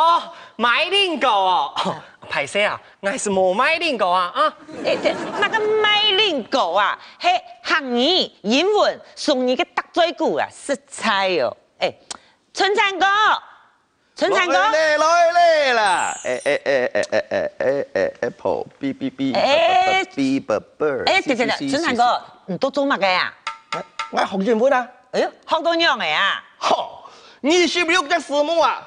哦，賣令狗哦，派生啊，我是沒賣令狗啊啊。那個賣令狗啊，係喊你英文、送你嘅搭嘴歌啊，識彩哦。哎，春泉哥，春泉哥。來嘞，來嘞啦！哎哎哎哎哎哎哎哎，Apple，B B B，B B B。哎，對對對，春泉哥，你都做乜嘅呀？我學英文啊。哎呦，學到鳥咩啊？哈，你是不是在做夢啊？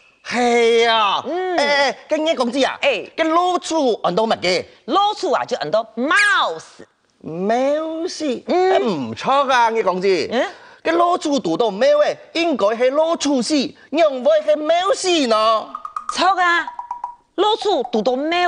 係啊，誒，今日講字啊，個老鼠揾到乜嘅？老鼠啊，就揾到 mouse。mouse？唔錯㗎，今日講字。個老鼠讀到咩？應該係老鼠屎，用唔會係 mouse 呢？錯㗎，老鼠讀到咩？